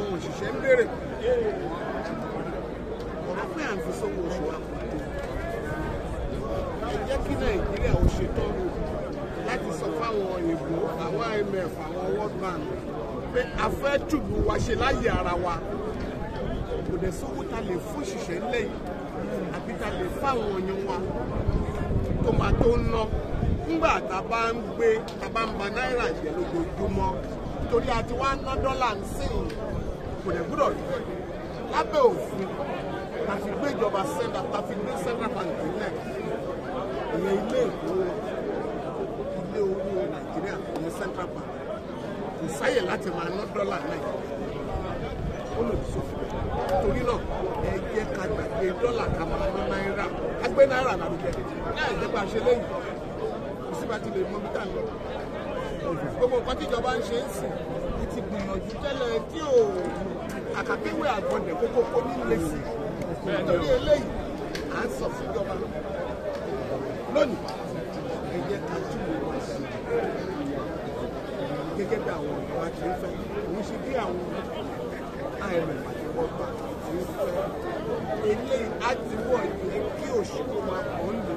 àwọn òṣìṣẹ́ ń béèrè ọ̀rọ̀ pé à ń fi sówó oṣù àpapọ̀ ẹ jẹ́ kí nàìjíríà ó ṣe tọ́nu láti sọ fáwọn òyìnbó àwọn IMF àwọn World Bank pé a fẹ́ tùlù wa ṣe láyè ara wa kò dẹ̀ sówó ta lè fún òṣìṣẹ́ ńlẹ̀ yìí àbí ta lè fáwọn òyìn wa tó máa tó ń ná nígbà tá a bá ń gbé tá bá ń ba náírà jẹ lójoojúmọ́ torí a wá ná dọ́là ń sìn kò lè gbúdọ̀ rí lábẹ́ òfin láti gbé ìjọba sẹ́ńdà tàfi gbé sẹ́ńdà bàǹkì lẹ̀ ìyẹn ilé ìkówó ilé owó nàìjíríà ìyẹn central bank kò sáyè láti máa ná dọ́là náà ó lòdì sófin torí náà ẹ jẹ́ ká gbàgbé dọ́là ká máa ná náírà á gbé náírà lárugẹ láì jẹ́ bá a ṣe lẹ́yìn kò sí bá ti lè mọ bí tá a lọ gbogbo nǹkan tíjọba ń ṣe ń sìn àbíwé àgbọ̀dẹ̀ kókó kó ní ilé sí nítorí eléyìí à ń sọ fún ìjọba lónìí ẹ jẹ́ ká túbọ̀ wá sí gẹ́gẹ́ bí àwọn ọ̀gá ti ń fẹ́ òun ṣe bí àwọn imf àti world bank ti ń fẹ́ eléyìí á ti wọ̀ yẹ kí òṣèlú wa kàn ń lò